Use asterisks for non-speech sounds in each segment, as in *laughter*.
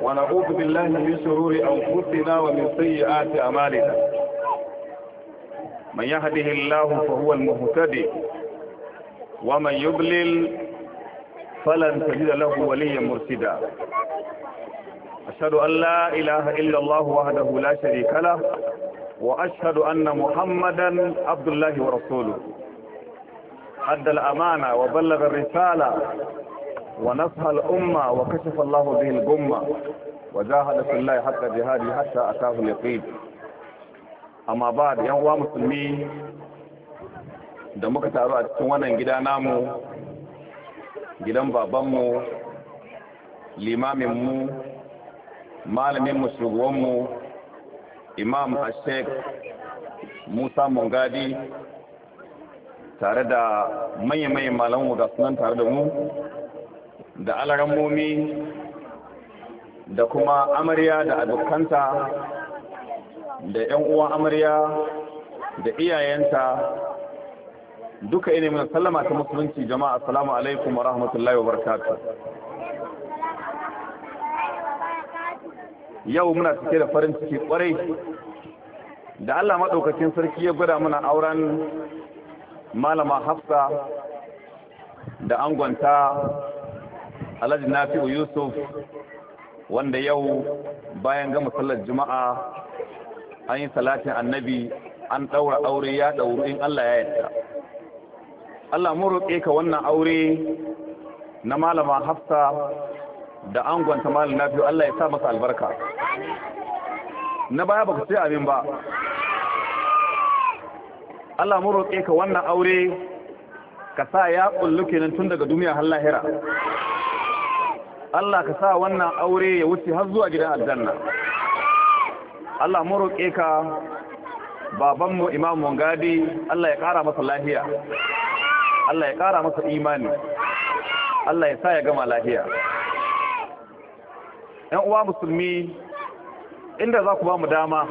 ونعوذ بالله من شرور أنفسنا ومن سيئات أعمالنا من يهده الله فهو المهتدي ومن يضلل فلن تجد له وليا مرشدا أشهد أن لا إله إلا الله وحده لا شريك له وأشهد أن محمدا عبد الله ورسوله أدى الأمانة وبلغ الرسالة ونصح الأمة وكشف الله به الغمة وجاهد في الله حق جهاده حتى أتاه اليقين أما بعد yan أخوة مسلمين da muka taru a cikin wannan gida namu gidan babanmu limaminmu malaminmu shugabanmu imam ashek musa Mongadi, tare da manya-manyan malamu ga sunan tare da mu da alarammomi da kuma amarya da abokanta da 'yan uwan amarya da iyayenta duka ina mai sallama ta musulunci jama'a assalamu alaikum wa rahmatullahi wa barakatuh yau muna cike da farin ciki kwarai da Allah maɗaukakin sarki ya gwada muna auren malama hafsa da angonta alhaji nafi'u yusuf wanda yau bayan gama sallar juma'a an yi salatin annabi an ɗaura aure ya ɗauru in allah ya yarda allah mu roƙe ka wannan aure na malama hafsa da angonta malam nafi'u allah ya sa masa albarka na baya baka ce abin ba Allah mu roƙe ka wannan aure ka sa ya kullu kenan tun daga duniya har lahira Allah ka sa wannan aure ya wuce har zuwa gidan aljanna Allah mu roƙe ka babanmu Imam Mungadi Allah ya ƙara masa lafiya Allah ya ƙara masa imani Allah ya sa ya gama lafiya ‘yan uwa musulmi inda za ku ba mu dama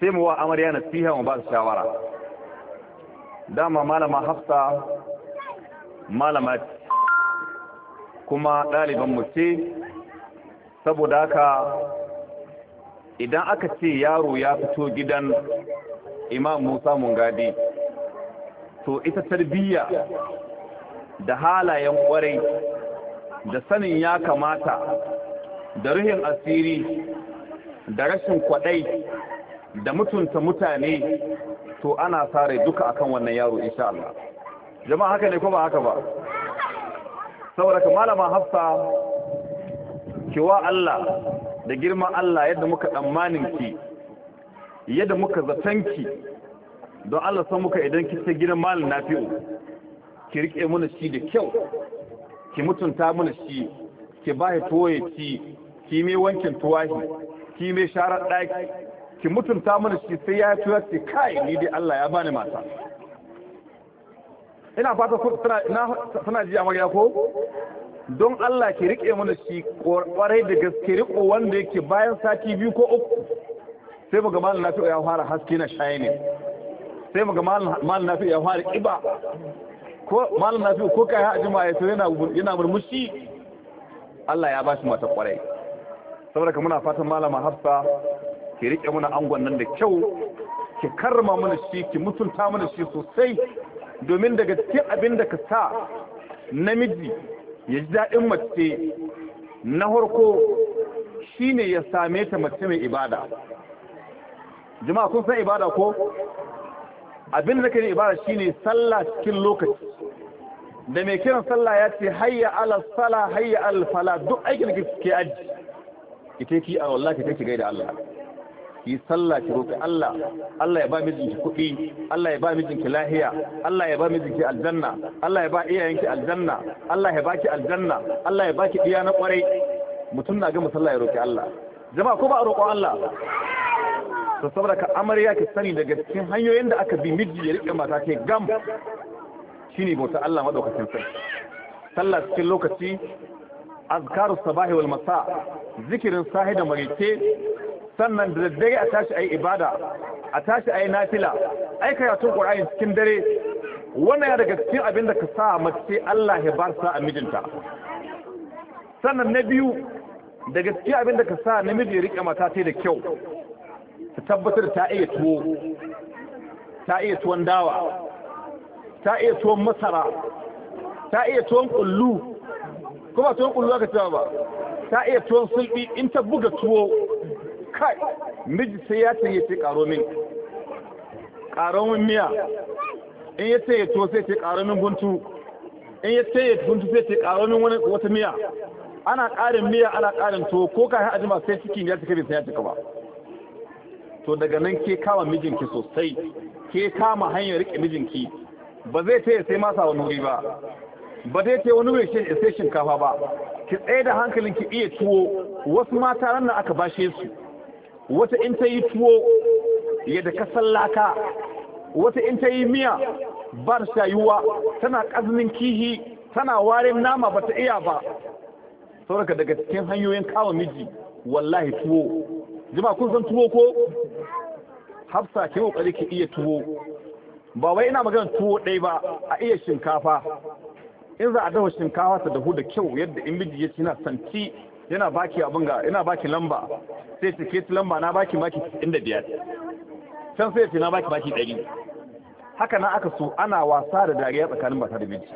sai mu wa amarya nasiha mu ba su shawara dama malama hafsa malama kuma ɗaliban mu ce saboda haka idan aka ce yaro ya fito gidan imam musa mungadi to ita tarbiyya da halayen kwarai da sanin ya kamata da ruhin asiri da rashin kwadai da mutunta mutane to ana sare duka akan wannan yaro insha Allah jama'a haka ne ko ba haka ba saboda ka malama hafsa kiwa Allah da girman Allah yadda muka ɗammanin ki yadda muka zatanki don Allah san muka idan ki gidan malin nafi'u ki rike mana shi da kyau ki mutunta mana shi ki ba ya toye ci ki mai wankin tuwahi ki mai sharar ɗaki ki mutunta mana shi sai ya tuwa ce kai ni dai Allah ya bani mata ina fata suna ji amarya ko don Allah ke riƙe mana shi kwarai da gaske riƙo wanda yake bayan sati biyu ko uku sai mu ga malam nafi ya fara haske na shaye ne sai mu ga malam nafi ya fara ƙiba ko malam nafi ko kai ha ma ya to yana murmushi Allah ya bashi mata kwarai saboda ka muna fatan malama Hafsa ke riƙe mana angon nan da kyau ki karma mana shi ki mutunta mana shi sosai domin daga cikin abin da ka sa namiji ya ji daɗin mace na harko shi ne ya same ta mace mai ibada jama'a kun san ibada ko abin da ka yi ibada shi ne sallah cikin lokaci da mai kiran sallah ya ce hayya ala sala hayya ala fala duk aikin da ke aji ki yake ki a wallahi ki take gaida Allah ki sallah ki roƙi Allah Allah ya ba mijinki kuɗi Allah ya ba mijinki lahiya Allah ya ba mijinki aljanna Allah ya ba iyayenki aljanna Allah ya baki aljanna Allah ya baki iya na kwarai mutum na gama sallah ya roƙi Allah jama'a ko ba a roƙo Allah to saboda ka amarya ki sani daga cikin hanyoyin da aka bi miji ya riƙe mata ke gam shine bauta Allah madaukakin sai sallah cikin lokaci azkaru sabahi wal masa zikirin sahi da marice sannan da daddare a tashi a yi ibada a tashi a yi nafila ai karatun ƙur'ani cikin dare wannan ya daga cikin abin da ka sa mace Allah ya bar sa a mijinta sannan na biyu daga cikin abin da ka sa namiji ya riƙe mata ta da kyau ta tabbatar ta iya tuwo ta iya tuwon dawa ta iya tuwon masara ta iya tuwon kullu kuma tuwon kullu ba ta iya tuwon sulɓi in ta buga tuwo kai miji sai ya ce ya ce karo min karo min miya in ya ce ya to sai ce karo min guntu in ya ce ya guntu sai ce karo min wani wata miya ana karin miya ana karin to ko ka ha ajima sai cikin ya cika bai sai ya cika ba to daga nan ke kama mijinki sosai ke kama hanyar rike mijinki ba zai ce sai masa wani wuri ba ba zai ce wani wuri sai shinkafa ba ki tsaye da hankalin ki iya tuwo wasu mata nan aka bashe su wata in ta yi tuwo yadda ka sallaka wata in ta yi miya ba shayuwa tana ƙaznin kihi tana warin nama ba ta iya ba sauraka daga cikin hanyoyin kawo miji wallahi tuwo jima kun san tuwo ko hafsa ke kokari ke iya tuwo ba wai ina magana tuwo ɗaya ba a iya shinkafa in za a dafa shinkafa ta dahu da kyau yadda in miji ya ci na santi yana baki abin ga ina baki lamba sai ce ke lamba na baki maki 95 can sai ce na baki baki 100 haka na aka so ana wasa da dariya tsakanin mata da miji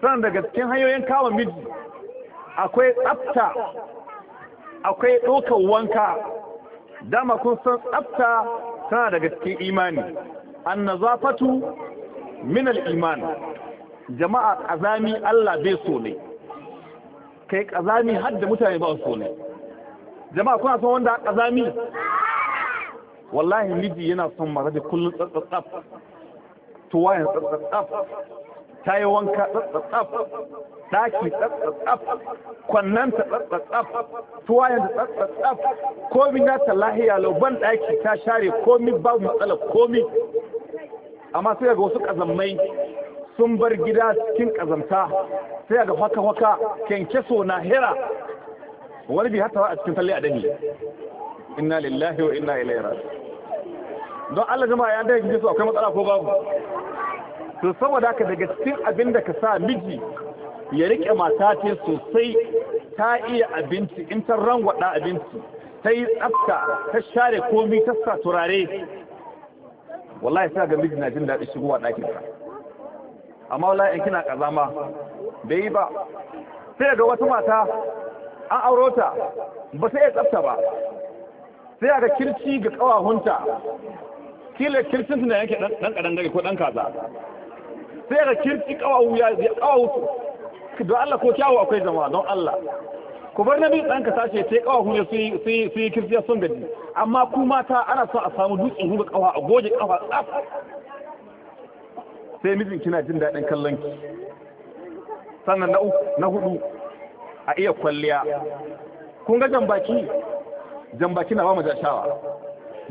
sannan daga cikin hanyoyin kawo miji akwai tsafta akwai ɗaukar wanka dama kun san tsafta tana daga cikin imani an nazafatu min al-iman jama'a azami Allah bai so ne kai kazami har da mutane ba su ne jama'a kuna son wanda kazami wallahi miji yana son mara da kullun tsatsatsaf tuwayen tsatsatsaf ta yi wanka tsatsatsaf daki tsatsatsaf ta tsatsatsaf tuwayen ta tsatsatsaf komi na ta lahiya lauban daki ta share komi babu matsala komi amma sai ga wasu kazammai sun bar gida cikin ƙazamta sai ga haka haka kyankyaso na hira. wani bi hatta a cikin Talle a dani inna lillahi wa inna ilaihi raji'un don Allah jama'a ya dai gizo akwai matsala ko babu to saboda ka daga cikin abin da ka sa miji ya rike mata ce sosai ta iya abinci in ta rangwada abinci ta yi tsafta ta share komi ta sa turare wallahi sai ga miji na jin daɗin shigowa ɗakin ka. amma wallahi in kina kazama bai yi ba sai ga wata mata an auro ta ba sai ya tsafta ba sai ga kirci ga kawahunta kila kircin na yanke dan kadan gari ko dan kaza sai ga kirci kawahu ya kawahu don Allah ko kyawu akwai jama'a don Allah ku bar nabi dan ka sace sai kawahu ne sai sai sai ya sun gaji amma ku mata ana so a samu dutsen ga kawa a goje kawa tsaf sai mijin kina jin daɗin kallon ki sannan na na hudu a iya kwalliya kun ga jambaki jambaki na ba mu shawa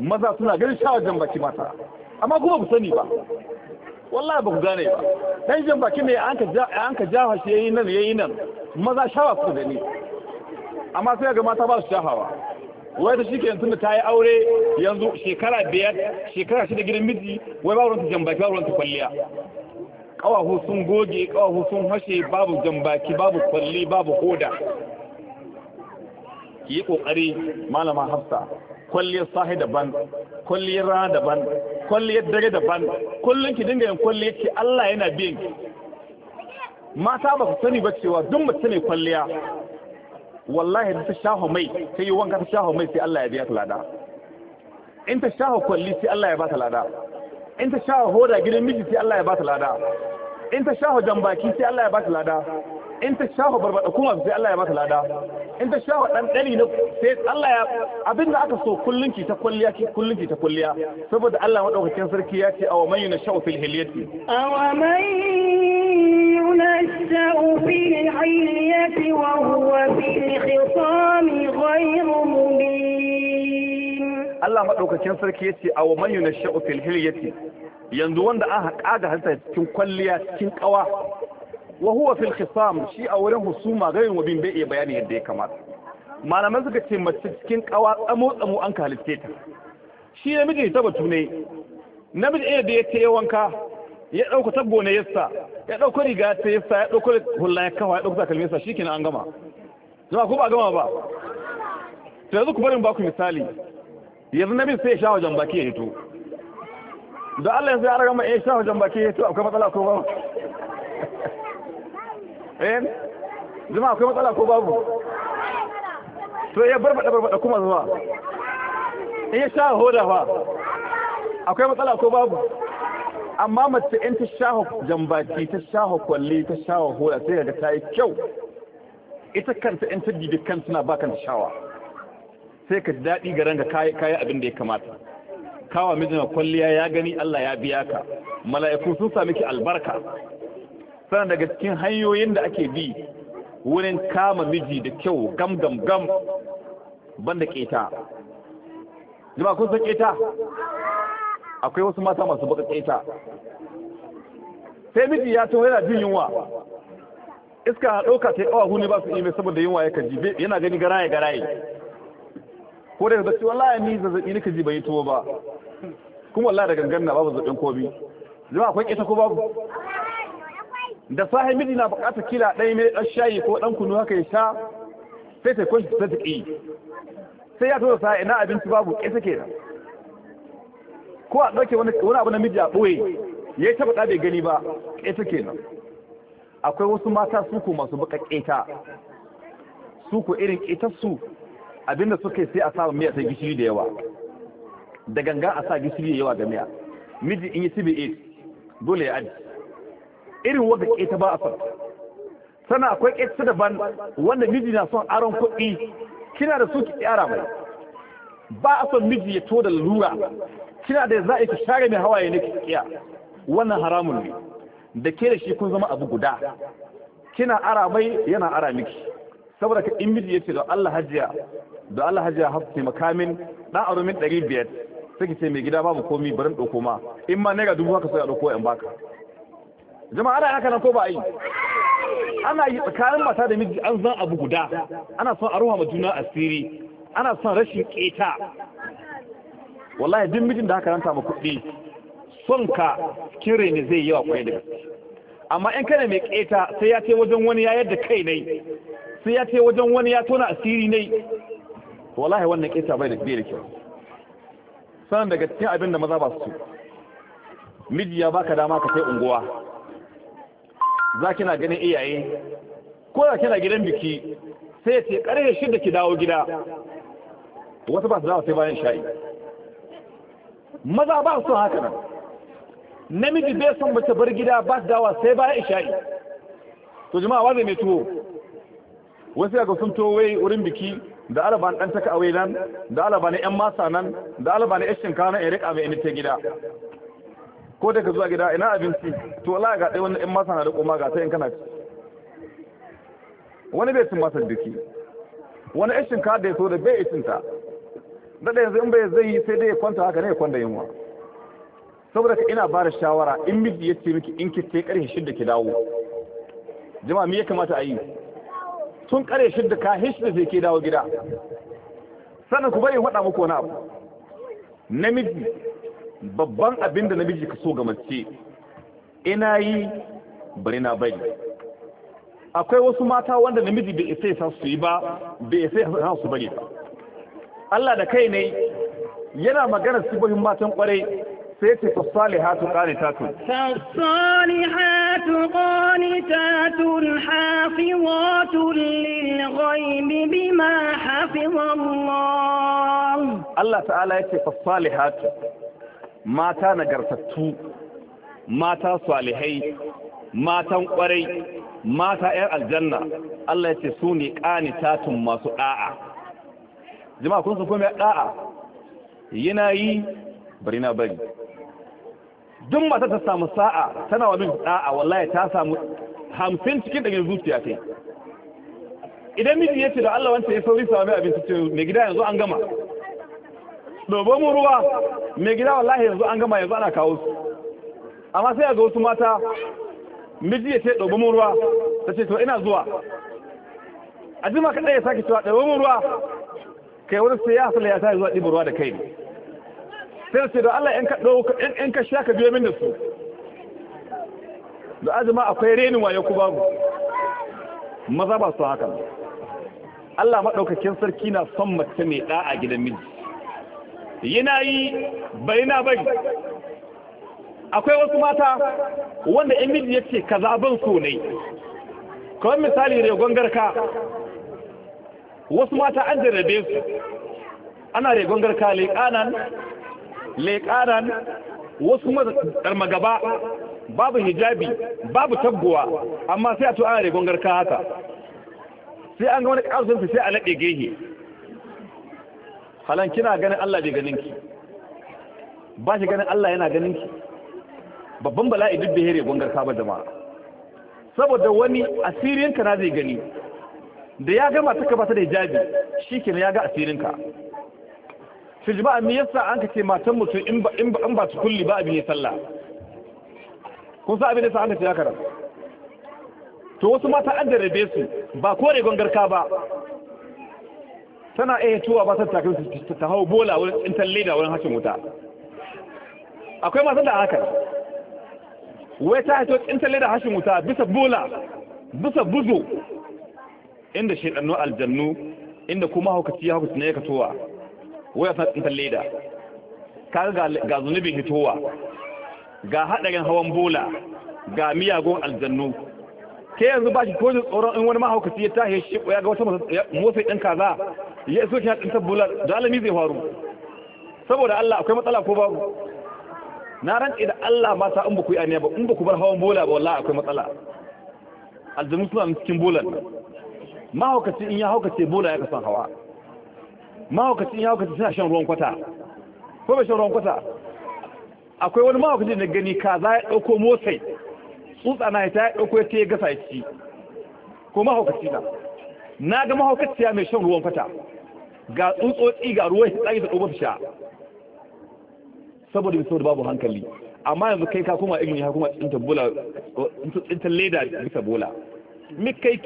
maza suna ganin shawar jambaki mata amma kuma ku sani ba wallahi ba ku gane ba dan jambaki ne an ka an ka jaha shi yayin nan yayin nan maza shawa su gani amma sai ga mata ba su jahawa. wai ta shike yanzu ta yi aure yanzu shekara biyar shekara shida gidan miji wai ba jan baki ba ruwanta kwalliya kawahu sun goge kawahu sun hashe babu baki babu kwalli babu hoda ki yi kokari malama hafsa kwalliyar sahi daban kwalliyar rana daban kwalliyar dare daban kullum ki dinga yin kwalliyar ki Allah yana biyan ki mata ba ku sani ba cewa duk mace mai kwalliya wallahi da ta shaho mai ta yi wanka ta shaho mai sai Allah ya biya ta lada in ta shaho kwalli sai Allah ya ba ta lada in ta shaho hoda gidan miji sai Allah ya ba ta lada in ta shaho jambaki sai Allah ya ba ta lada in ta shaho barbada kuma sai Allah ya ba ta lada in ta shaho dan dari na sai Allah ya abinda aka so kullun ki ta kulliya ki kullun ki ta kulliya saboda Allah madaukakin sarki ya ce aw man yunashu fil hilyati aw يبدأ في العلية وهو في الخصام غير مبين الله مدوكاكين sarki yace aw man yunashu fil hilyati yanzu wanda aka kaga hanta cikin kwalliya cikin kawa wa huwa shi a wurin husuma garin wabin bai bayani yadda ya kamata malaman suka ce mace cikin kawa tsamo tsamo an ka halitte ta shi namiji ta batu ne namiji da ya ce wanka ya ɗauka tabbo ne yasa ya ɗauka riga ta yasa ya ɗauka hulla ya kafa ya ɗauka takalmi yasa shi kenan an gama zama ko ba gama ba to yanzu ku barin baku misali yanzu na sai ya sha wajen baki ya hito da Allah ya sai an gama ya sha wajen baki ya hito akwai matsala ko babu *laughs* eh zama akwai matsala ko babu to ya barbada barbada kuma zuwa in ya sha hoda fa akwai matsala ko babu amma mace in ta shaho jambaki ta shaho kwalli ta shaho hula sai daga ta yi kyau ita kanta in ta dibi kan suna ba kanta shawa sai ka daɗi ga ranka kayi abin da ya kamata kawa mijina kwalliya ya gani Allah ya biya ka mala'iku sun sami ki albarka sannan daga cikin hanyoyin da ake bi wurin kama miji da kyau gam gam gam banda keta jama'a kun san keta akwai wasu mata masu baka kaita sai miji ya tawo yana jin yunwa iska na ɗauka ta yi awa huni ba su ime saboda yunwa ya kaji yana gani garaye garaye ko da zai wallahi ni zazzaɓi ni kaji bai yi tuwo ba kuma wallahi da gangan na babu zaɓen komi zama akwai ƙeta ko babu da sahi miji na buƙatar kila ɗaya mai ɗan shayi ko ɗan kunu haka ya sha sai ta kwanci ta taƙi sai ya tura sa'a, ina abinci babu ƙeta kenan ko a ɗauke wani abu namiji a ɓoye ya yi taɓa gani ba ƙeta kenan akwai wasu mata suku masu baka ƙeta suku irin ƙetar su abinda suka sai a samun miya ta gishiri da yawa da ganga a sa gishiri da yawa ga miya miji in yi cibi eight dole ya aji irin wanda ƙeta ba a son sana akwai ƙeta daban wanda miji na son aron kuɗi kina da su ki mai ba a son miji ya to da lura kina da za a ki share mai hawaye ne kiya wannan haramun ne da ke da shi kun zama abu guda kina ara mai yana ara miki saboda ka in miji ce da Allah hajiya da Allah hajiya hafsi makamin dan arumin 500 sai ce mai gida babu komi barin dauko ma in ma naira dubu haka sai a dauko yan baka jama'a ana haka nan ko ba yi ana yi tsakanin mata da miji an zan abu guda ana son a ruwa ma juna asiri ana son rashin keta wallahi duk mijin da haka ranta ma kuɗi son ka kire ne zai yi yawa kwai da gaske amma in kana mai keta sai ya ce wajen wani ya yadda kai ne sai ya ce wajen wani ya tona asiri ne wallahi wannan keta bai da da kyau sanan daga cikin abin da maza ba su miji ya baka dama ka kai unguwa za kina ganin iyaye ko da kina gidan biki sai ya ce shi shida ki dawo gida wasu ba su dawa sai bayan sha'i maza ba su haka nan namiji bai son mace bar gida ba su dawa sai bayan sha'i to jama'a wanda mai tuwo wasu yaga sun tuwo wai wurin biki da alaban ɗan taka awai nan da alaba na 'yan masa nan da alaba na 'yan nan ya rika mai ta gida ko daga zuwa gida ina abinci to Allah ga ɗaya wani 'yan masa na da koma ga ta in kana ci wani bai cin masa duki wani 'yan shinkawa da ya so da bai cin ta daɗa yanzu in bai zai yi sai dai ya kwanta haka ne ya kwanta yunwa saboda ka ina ba da shawara in miji ya ce miki in ki ce ƙarfe shidda ki dawo jama'a me ya kamata a yi tun ƙarfe shidda ka hishda sai ke dawo gida sannan ku bari faɗa muku wani abu namiji babban abin da namiji ka so ga mace ina yi bari na bari akwai wasu mata wanda namiji bai isa su yi ba bai isa su bari ba Allah da kai ne yana magana sibohin matan kwarai sai ce fasalihatu qanitatu fasalihatu qanitatu hafizatu lil ghaibi bima hafiza Allah Allah ta'ala yake fasalihatu mata nagartattu mata salihai matan kwarai mata 'yan aljanna Allah ya ce su ne ƙanitatun masu ɗa'a jama'a kun san ko mai da'a yana yi bari na bari duk mata ta samu sa'a tana wa min da'a wallahi ta samu hamsin cikin ɗagen zuciya ta idan miji ya ce da Allah wancan ya sauri sa abin abinci ce mai gida yanzu an gama dobo mu ruwa mai gida wallahi yanzu an gama yanzu ana kawo su amma sai ga wasu mata miji ya ce dobo mu ruwa ta ce to ina zuwa a jima kaɗai ya sake cewa dobo mu ruwa kai wani sai ya hasala ya sa zuwa ɗiba ruwa da kai ne sai sai da Allah in ka shaka in ka sha ka biyo min da su da azuma akwai renin wayo ku babu maza ba su haka Allah maɗaukakin sarki na son mace mai a gidan miji yana yi bai na bai akwai wasu mata wanda in miji ya ce kaza ban so ne kawai misali ne ka wasu mata an jarrabe su ana regon garka leƙanan leƙanan wasu ɗarma gaba babu hijabi babu tabbuwa amma sai a to ana regon garka haka sai an ga wani ƙarfinsa sai a naɗe gehe halan kina ganin Allah bai ganin ki ba shi ganin Allah yana ganin ki babban bala'i duk da here gongar ba jama'a saboda wani asirin ka na zai gani da ya gama ta ta da hijabi kenan ya ga asirinka fi jama'a me yasa an ka ce matan mutum in ba in ba ba tukulli ba abin ya sallah kun sa abin da sa an ka ce ya karanta to wasu mata an da rabe su ba kore gongarka ba tana iya tuwa ba ta takin su ta hau bola wurin tsintar leda wurin hashin wuta akwai masu da haka wai ta haito tsintan leda hashin wuta bisa bola bisa buzo inda ɗannu aljannu inda kuma haukaci ya haukaci ne ya katowa waya sa tsintar leda kaga ga zunubin hitowa ga haɗarin hawan bola ga miyagun aljannu ke yanzu ba shi ko jin tsoron in wani mahaukaci ya tahe shi ya ga wata motsa ɗin kaza ya iso shi haɗin tabbola da alami zai faru saboda Allah akwai matsala ko babu na rantsi da Allah ba ta in ba ku yi aniya ba in ba ku bar hawan bola ba wallahi akwai matsala aljanu suna cikin bolan mahaukaci in ya haukace bola ya kasan hawa mahaukaci in ya haukace suna shan ruwan kwata ko bai shan ruwan kwata akwai wani mahaukaci da gani ka za ya ɗauko motsai tsutsa na ta ya ɗauko ya ta ya gasa ya ci ko mahaukaci na na ga ya mai shan ruwan kwata ga tsutsotsi ga ruwan shi tsagi da ɗauko ta sha saboda da babu hankali amma yanzu kai ka kuma igini ya kuma tsintar bola tsinta leda bisa bola mikai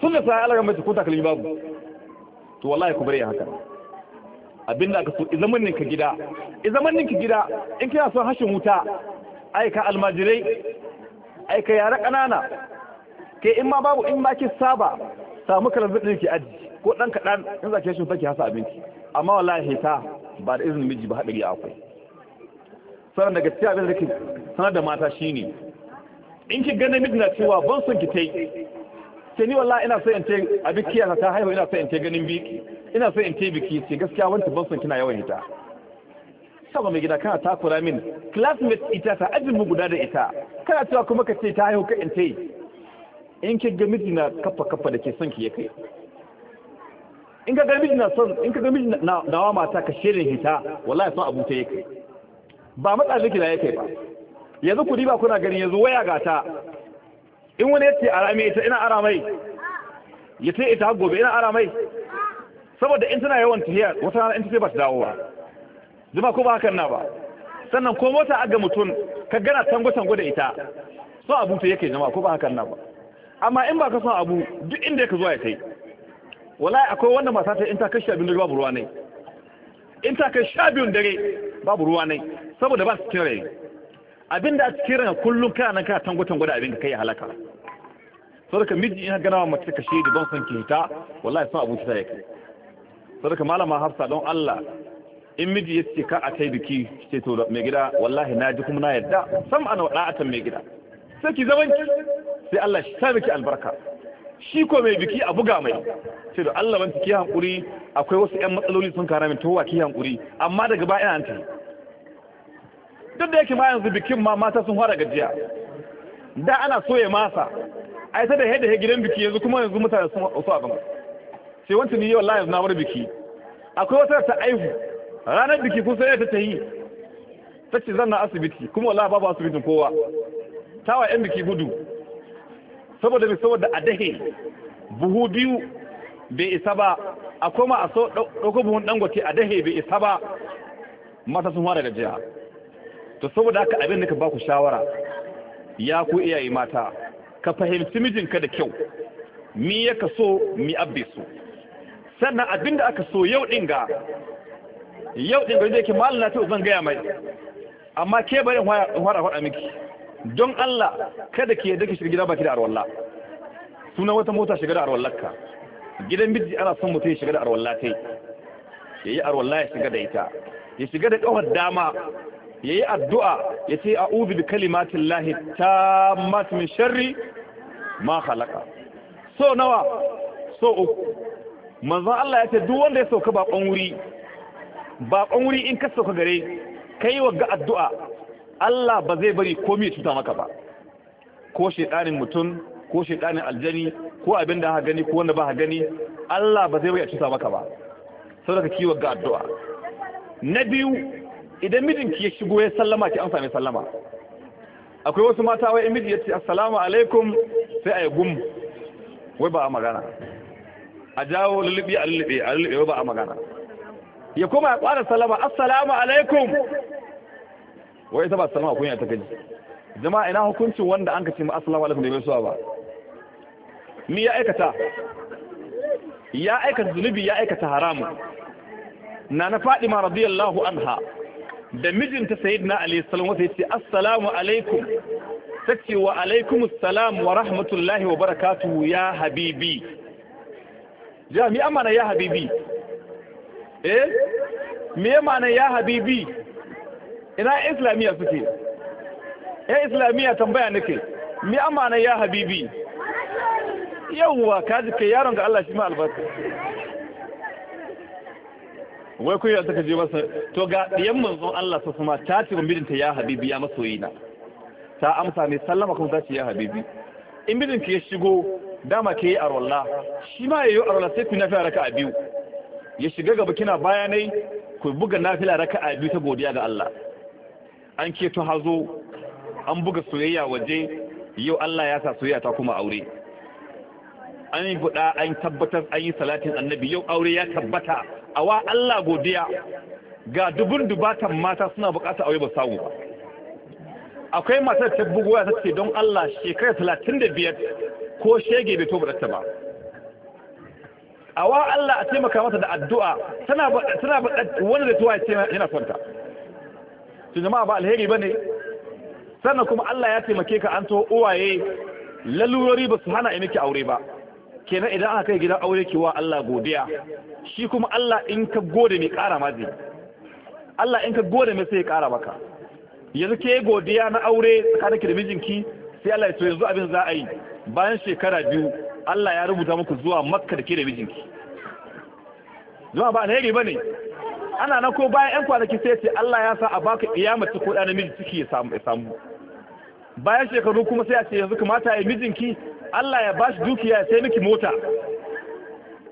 sun da sai alaga mai ko takalmi babu to wallahi ku bari ya haka abinda aka so izaman ninka gida izaman ninka gida in kina son hashin wuta ai ka almajirai ai ka yara kanana ke in ma babu in ma ki saba samu kalar zaɗin ki aji ko ɗan kaɗan in za ki shi ki hasa abinci amma wallahi ta ba da izinin miji ba haɗari akwai sannan daga cikin abin da ke sanar da mata shine in ki gane miji na cewa ban son ki tai sai ni wallahi ina son in tai a bikiya ta haihu ina son in tai ganin biki ina son in tai biki sai gaskiya wanda ban son kina yawan hita saboda mai gida kana takura min classmate ita ta ajin mu guda da ita kana cewa kuma ka ce ta haihu ka in tai in ki ga miji na kafa kafa da ke son ki ya kai in ka ga miji na son in ka ga miji na nawa mata ka shirin hita wallahi son abu ta kai. ba matsa miki da kai ba yanzu ku ba kuna gani yanzu waya ga ta in wani yace arame ita ina aramai yace ita gobe ina aramai saboda in tana yawan tahiya wata rana in ta ba ta dawo ba zuma ko ba hakan na ba sannan ko mota aga mutum ka gana tango tango da ita so abu ta yake jama'a ko ba hakan na ba amma in ba ka son abu duk inda ka zo ya kai wallahi akwai wanda mata ta in ta kashi abin da babu ruwa ne in ta kai sha dare babu ruwa ne saboda ba su cin rai da a cikin ranar kullum kana nan kana tango tango da abin ka kai halaka sadaka miji ina gana wa mace ka shedi don san ki hita wallahi san abinci ta yake sadaka malama hafsa don Allah in miji ya ce ka a kai biki ce to mai gida wallahi na ji kuma na yadda sam ana da'atan mai gida sai ki zaman ki sai Allah shi sa miki albarka shi ko mai biki a buga mai ce da Allah ban ki hankuri akwai wasu ƴan matsaloli sun kara min wa ki hankuri amma daga baya ina ta duk da yake ma yanzu bikin ma mata sun fara gajiya da ana ya masa ai sai da hede gidan biki yanzu kuma yanzu mutane sun wasu a gama sai wancan ni wallahi yanzu na bar biki akwai wata ta aihu ranar biki kun sai ta tayi ta ce zan na asibiti kuma wallahi babu asibitin kowa ta wa yan biki gudu saboda mai saboda a dahe buhu biyu bai isa ba a koma a so ɗauko buhun dangote a dahe bai isa ba mata sun fara gajiya to saboda haka abin da ka baku shawara ya ku iyaye mata ka fahimci mijinka da kyau mi ya ka so mi abbe su. sannan abin da aka so yau din ga yau din ga yake mallan na ta zan gaya mai amma ke bari in fara faɗa miki don Allah kada ki yadda ki shiga gida baki da arwalla sunan wata mota shiga da arwallarka gidan miji ana son mutum ya shiga da arwalla tai yayi arwalla ya shiga da ita ya shiga da kawar dama ya yi addu'a ya ce a a'udhu bi kalimatin lahi masu min sharri ma halaka so nawa so uku manzo Allah ya ce duk wanda ya sauka baƙon wuri baƙon wuri in ka sauka gare kai wagga addu'a Allah ba zai bari komi a cuta maka ba ko shedanin mutum ko shedanin aljani ko abin da ha gani ko wanda ba ha gani Allah ba zai bari a cuta maka ba saboda ka kiwa ga addu'a na biyu idan mijinki ya shigo ya sallama ki amsa mai sallama akwai wasu mata wai miji ya ce assalamu alaikum sai a yi gum wai ba a magana a jawo lulubi a lulubi a lulubi wai ba a magana ya koma ya kwara sallama assalamu alaikum wai ita ba sallama kunya ta gaji jama'a ina hukuncin wanda an kace ce assalamu alaikum da bai suwa ba ni ya aikata ya aikata zunubi ya aikata haramun Nana na Fadima radiyallahu anha da mijinta sayyidina Ali sallallahu alaihi wasallam yace assalamu alaikum tace wa alaikum salam wa rahmatullahi wa barakatuhu ya habibi jami'a mana ya habibi eh me mana ya habibi ina islamiya suke eh islamiya tambaya nake me amana ya habibi yawwa kaji kai yaron ga Allah shi ma albarka wai kuyi ka je masa to ga diyan manzon Allah su kuma ta ce mijinta ya habibi ya masoyina ta amsa ne sallama kuma ta ce ya habibi in mijin ya shigo dama ke yi arwalla shi ma yayi arwalla sai ku nafi raka'a biyu ya shiga gaba kina bayanai ku buga nafila raka'a biyu ta godiya ga Allah an keto hazo an buga soyayya waje yau Allah ya sa soyayya ta kuma aure an yi buɗa an tabbatar an yi salatin annabi yau aure ya tabbata a wa Allah godiya ga dubun dubatan mata suna buƙatar aure ba samu ba akwai matar ta bugowa ta ce don Allah shekara talatin da biyar ko shege bai tobar ta ba a wa Allah a taimaka mata da addu'a tana tana wanda da tuwa ya ce yana son ta to jama'a ba alheri bane sannan kuma Allah ya taimake ka an to uwaye lalurori ba su hana miki aure ba kenan idan aka kai gidan aure ki wa Allah godiya shi kuma Allah in ka gode mai kara ma zai Allah in ka gode mai sai ya kara maka yanzu ke godiya na aure tsakanin ki da mijinki sai Allah ya so yanzu abin za a yi bayan shekara biyu Allah ya rubuta muku zuwa Makka da ke da mijinki zuwa ba alheri ne ana nan ko bayan ƴan kwanaki sai ce Allah ya sa a baka iyama ta ko da namiji ciki ya samu ya samu bayan shekaru kuma sai a ce yanzu kamata ya mijinki Allah ya bashi dukiya sai miki mota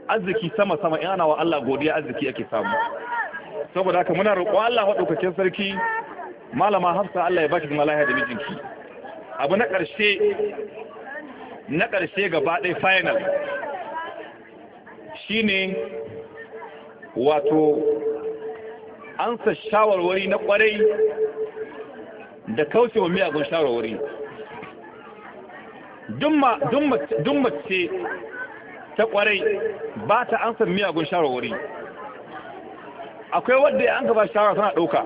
arziki sama sama in ana wa Allah godiya arziki yake samu saboda haka muna roƙo Allah maɗaukakin sarki malama Hafsa Allah ya baki zama lafiya da mijinki abu na ƙarshe na ƙarshe gaba ɗaya final shine wato ansa shawarwari na ƙwarai da kaucewa miyagun shawarwari duk mace ta kwarai ba ta ansa miyagun shawarwari akwai wadda ya an gaba shawara tana ɗauka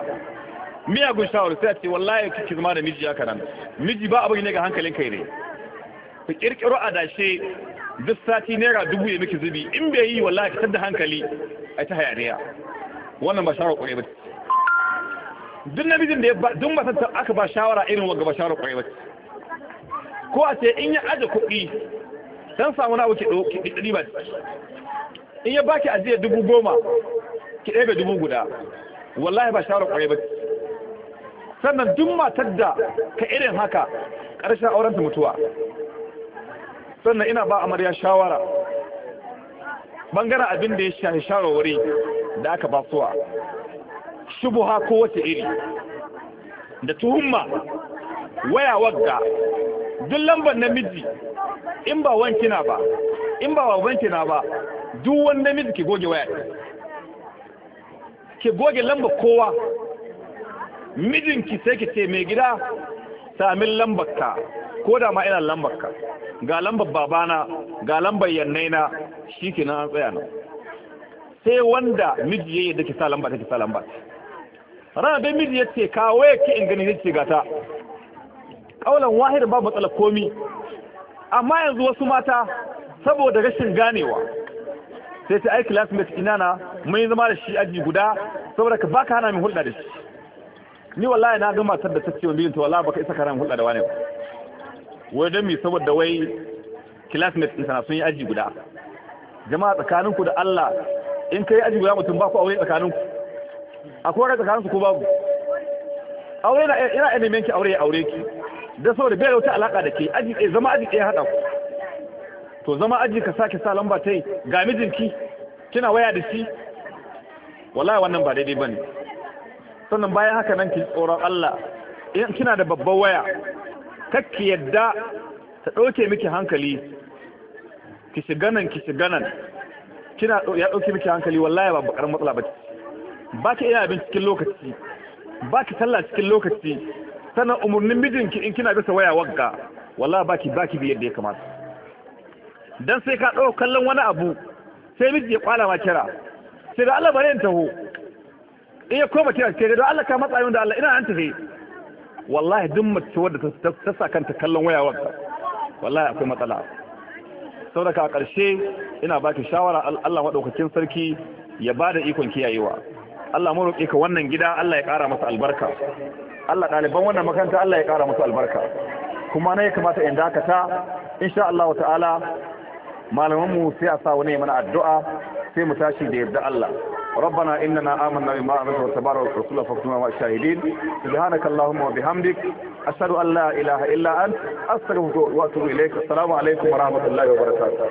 miyagun shawarwari sai ce wallahi kike zama da miji haka nan miji ba abin ne ga hankalin kai ne ku kirkiro adashe duk sati naira dubu ya miki zubi in bai yi wallahi ka da hankali a ta hayaniya wannan ba shawara kwarai ba duk namijin da ya ba duk matan aka ba shawara irin wanga ba shawara kwarai ba ko a ce in ya aje kuɗi don samu na wuce ɗiɗɗi ba in ya baki ajiye dubu goma ki ɗaya dubu guda wallahi ba shawarar ƙwarai ba sannan duk matar da ka irin haka ƙarshen aurenta mutuwa sannan ina ba amarya shawara bangaren abin da ya shafi shawarwari da aka ba suwa shubuha ko iri da tuhumma waya wagga duk lambar namiji in ba wankina ba in ba wankina ba duk wani namiji ke goge waya Ke goge lambar kowa mijinki sai ki ce mai gida samin ka, ko da ma ina ka. ga lambar babana ga lambar yannaina ke an tsaya nan sai wanda miji yayi da ki sa lamba ta ki sa lamba ranar da miji ya ce kawo ya ke in gani ne ce gata kaulan wahir babu matsala komi amma yanzu wasu mata saboda rashin ganewa sai ta aiki classmate ina na mun zama da shi aji guda saboda ka baka hana min hulɗa da shi ni wallahi na ga matar da ta ce wa mijinta wallahi baka isa ka hana hulɗa da wani ba wai don mi saboda wai classmate ɗinsa na sun yi aji guda jama'a tsakaninku da Allah in kai aji guda mutum ba ku aure tsakaninku akwai wani tsakaninku ko babu aure na ina ilimin ki aure ya aure ki da saboda bai wata alaka da ke aji ɗaya zama aji ɗaya haɗa to zama aji ka sake sa lamba ta yi ga mijinki kina waya da shi wallahi wannan ba daidai bane sannan bayan haka nan ki tsoron Allah in kina da babban waya kakki yadda ta ɗauke miki hankali ki shiga nan ki shiga nan kina ya ɗauke miki hankali wallahi ba karamin matsala ba ba ki iya abin cikin lokaci ba ki sallah cikin lokaci tana umarnin mijinki in kina bisa waya wagga wallahi baki baki bi yadda ya kamata dan sai ka ɗau kallon wani abu sai miji ya kwala ma kira sai da Allah bare in taho in ya koma kira sai da Allah ka matsa yau da Allah ina an wallahi duk mace wadda ta sa kanta kallon waya wagga wallahi akwai matsala saboda a ƙarshe ina baki shawara Allah madaukakin sarki ya bada ikon kiyayewa Allah mu roƙe ka wannan gida Allah ya ƙara masa albarka Allah ɗaliban wannan makaranta Allah ya ƙara musu albarka kuma na ya kamata in dakata insha Allah ta'ala malamanmu sai a sa wani mana addu'a sai mu tashi da yarda Allah ربنا إننا آمنا بما أمرت وتبارك الرسول فاكتبنا مع الشاهدين سبحانك اللهم وبحمدك أشهد أن لا إله إلا أنت أستغفرك وأتوب إليك السلام عليكم ورحمة الله وبركاته